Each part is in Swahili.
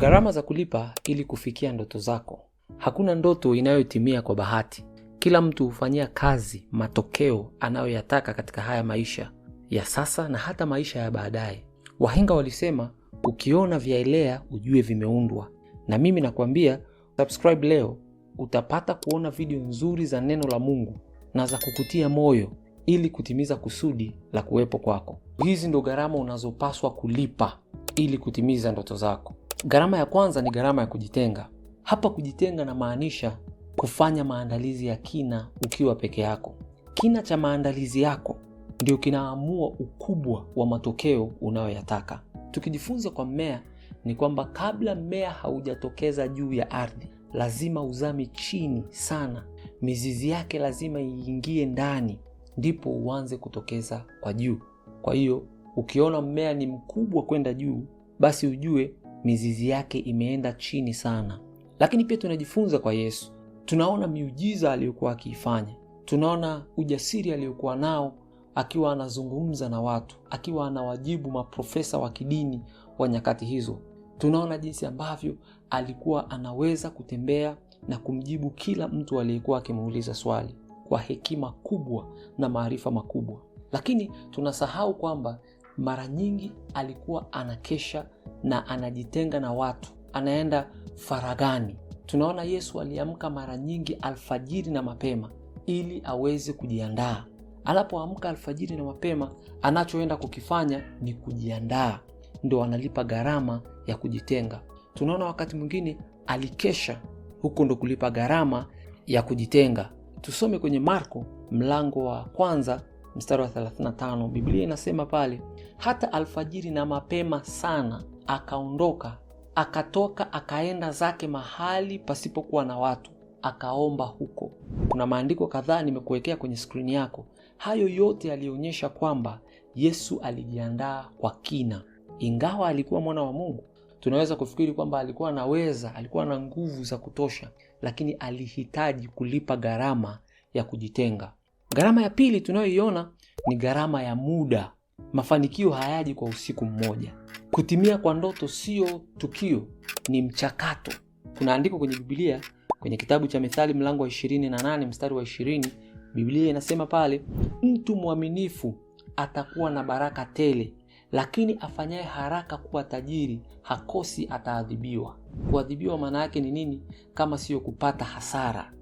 Gharama za kulipa ili kufikia ndoto zako. Hakuna ndoto inayotimia kwa bahati. Kila mtu hufanyia kazi matokeo anayoyataka katika haya maisha ya sasa na hata maisha ya baadaye. Wahenga walisema ukiona vyaelea ujue vimeundwa, na mimi nakuambia subscribe leo, utapata kuona video nzuri za neno la Mungu na za kukutia moyo ili kutimiza kusudi la kuwepo kwako. Hizi ndo gharama unazopaswa kulipa ili kutimiza ndoto zako. Gharama ya kwanza ni gharama ya kujitenga. Hapa kujitenga namaanisha kufanya maandalizi ya kina ukiwa peke yako. Kina cha maandalizi yako ndio kinaamua ukubwa wa matokeo unayoyataka. Tukijifunza kwa mmea ni kwamba kabla mmea haujatokeza juu ya ardhi, lazima uzame chini sana. Mizizi yake lazima iingie ndani, ndipo uanze kutokeza kwa juu. Kwa hiyo ukiona mmea ni mkubwa kwenda juu, basi ujue mizizi yake imeenda chini sana. Lakini pia tunajifunza kwa Yesu, tunaona miujiza aliyokuwa akiifanya, tunaona ujasiri aliyokuwa nao akiwa anazungumza na watu, akiwa anawajibu maprofesa wa kidini wa nyakati hizo. Tunaona jinsi ambavyo alikuwa anaweza kutembea na kumjibu kila mtu aliyekuwa akimuuliza swali kwa hekima kubwa na maarifa makubwa, lakini tunasahau kwamba mara nyingi alikuwa anakesha na anajitenga na watu, anaenda faragani. Tunaona Yesu aliamka mara nyingi alfajiri na mapema ili aweze kujiandaa. Anapoamka alfajiri na mapema, anachoenda kukifanya ni kujiandaa, ndo analipa gharama ya kujitenga. Tunaona wakati mwingine alikesha, huko ndo kulipa gharama ya kujitenga. Tusome kwenye Marko mlango wa kwanza mstari wa 35 Biblia inasema pale, hata alfajiri na mapema sana akaondoka akatoka akaenda zake mahali pasipokuwa na watu akaomba huko. Kuna maandiko kadhaa nimekuwekea kwenye skrini yako. Hayo yote yalionyesha kwamba Yesu alijiandaa kwa kina. Ingawa alikuwa mwana wa Mungu, tunaweza kufikiri kwamba alikuwa anaweza, alikuwa na nguvu za kutosha, lakini alihitaji kulipa gharama ya kujitenga. Gharama ya pili tunayoiona ni gharama ya muda. Mafanikio hayaji kwa usiku mmoja. Kutimia kwa ndoto sio tukio, ni mchakato. Kuna andiko kwenye Biblia, kwenye kitabu cha Methali mlango wa 28 mstari wa 20, Biblia inasema pale, mtu mwaminifu atakuwa na baraka tele, lakini afanyaye haraka kuwa tajiri hakosi ataadhibiwa. Kuadhibiwa maana yake ni nini kama siyo kupata hasara?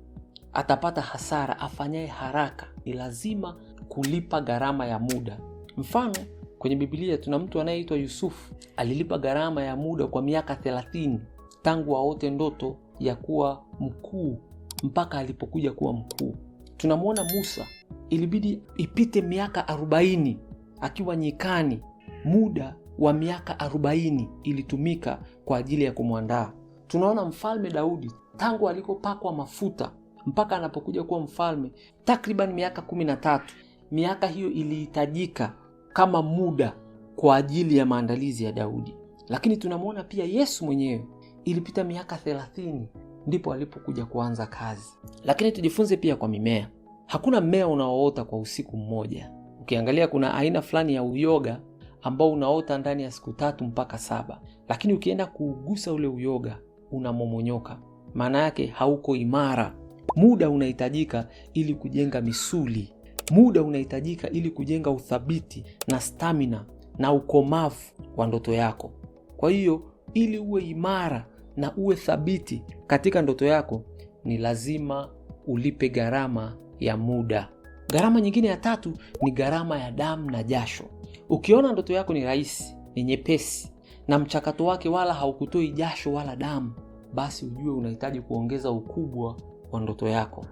atapata hasara. Afanyaye haraka ni lazima kulipa gharama ya muda. Mfano, kwenye Biblia tuna mtu anayeitwa Yusufu, alilipa gharama ya muda kwa miaka thelathini tangu aote ndoto ya kuwa mkuu mpaka alipokuja kuwa mkuu. Tunamwona Musa, ilibidi ipite miaka arobaini akiwa nyikani. Muda wa miaka arobaini ilitumika kwa ajili ya kumwandaa. Tunaona mfalme Daudi tangu alikopakwa mafuta mpaka anapokuja kuwa mfalme, takriban miaka kumi na tatu. Miaka hiyo ilihitajika kama muda kwa ajili ya maandalizi ya Daudi, lakini tunamwona pia Yesu mwenyewe ilipita miaka thelathini ndipo alipokuja kuanza kazi. Lakini tujifunze pia kwa mimea, hakuna mmea unaoota kwa usiku mmoja. Ukiangalia kuna aina fulani ya uyoga ambao unaota ndani ya siku tatu mpaka saba, lakini ukienda kuugusa ule uyoga unamomonyoka, maana yake hauko imara. Muda unahitajika ili kujenga misuli, muda unahitajika ili kujenga uthabiti na stamina na ukomavu wa ndoto yako. Kwa hiyo ili uwe imara na uwe thabiti katika ndoto yako, ni lazima ulipe gharama ya muda. Gharama nyingine ya tatu ni gharama ya damu na jasho. Ukiona ndoto yako ni rahisi, ni nyepesi na mchakato wake wala haukutoi jasho wala damu, basi ujue unahitaji kuongeza ukubwa wa ndoto yako.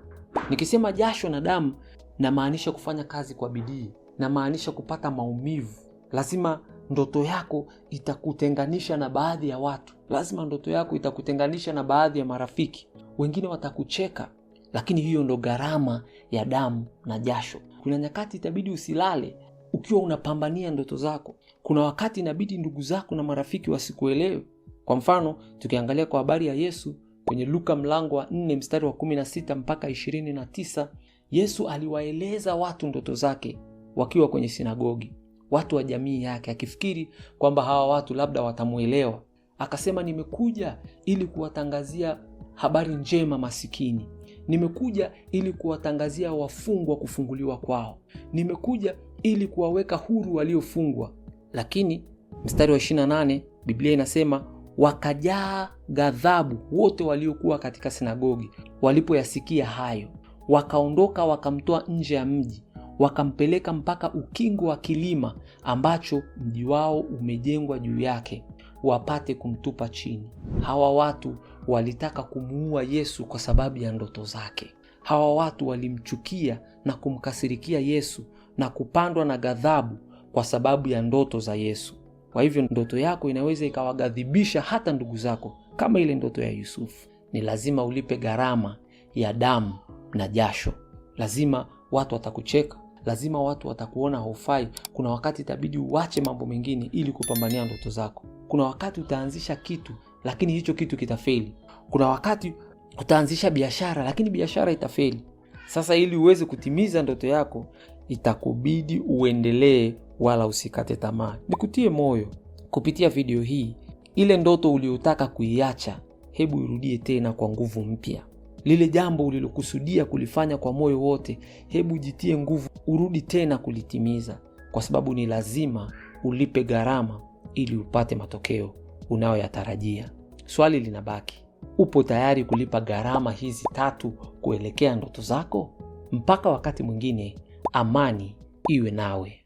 Nikisema jasho na damu, namaanisha kufanya kazi kwa bidii, namaanisha kupata maumivu. Lazima ndoto yako itakutenganisha na baadhi ya watu, lazima ndoto yako itakutenganisha na baadhi ya marafiki. Wengine watakucheka, lakini hiyo ndo gharama ya damu na jasho. Kuna nyakati itabidi usilale ukiwa unapambania ndoto zako. Kuna wakati inabidi ndugu zako na marafiki wasikuelewe. Kwa mfano, tukiangalia kwa habari ya Yesu, Kwenye Luka mlango wa 4 mstari wa 16 mpaka 29, Yesu aliwaeleza watu ndoto zake wakiwa kwenye sinagogi, watu wa jamii yake, akifikiri kwamba hawa watu labda watamuelewa. Akasema, nimekuja ili kuwatangazia habari njema masikini, nimekuja ili kuwatangazia wafungwa kufunguliwa kwao, nimekuja ili kuwaweka huru waliofungwa. Lakini mstari wa 28 Biblia inasema wakajaa ghadhabu wote waliokuwa katika sinagogi walipoyasikia hayo. Wakaondoka wakamtoa nje ya mji, wakampeleka mpaka ukingo wa kilima ambacho mji wao umejengwa juu yake, wapate kumtupa chini. Hawa watu walitaka kumuua Yesu kwa sababu ya ndoto zake. Hawa watu walimchukia na kumkasirikia Yesu na kupandwa na ghadhabu kwa sababu ya ndoto za Yesu. Kwa hivyo ndoto yako inaweza ikawaghadhibisha hata ndugu zako, kama ile ndoto ya Yusufu. Ni lazima ulipe gharama ya damu na jasho. Lazima watu watakucheka, lazima watu watakuona haufai. Kuna wakati itabidi uache mambo mengine ili kupambania ndoto zako. Kuna wakati utaanzisha kitu lakini hicho kitu kitafeli. Kuna wakati utaanzisha biashara lakini biashara itafeli. Sasa ili uweze kutimiza ndoto yako, itakubidi uendelee wala usikate tamaa. Nikutie moyo kupitia video hii, ile ndoto uliyotaka kuiacha, hebu irudie tena kwa nguvu mpya. Lile jambo ulilokusudia kulifanya kwa moyo wote, hebu jitie nguvu, urudi tena kulitimiza, kwa sababu ni lazima ulipe gharama ili upate matokeo unayoyatarajia. Swali linabaki, upo tayari kulipa gharama hizi tatu kuelekea ndoto zako? Mpaka wakati mwingine, amani iwe nawe.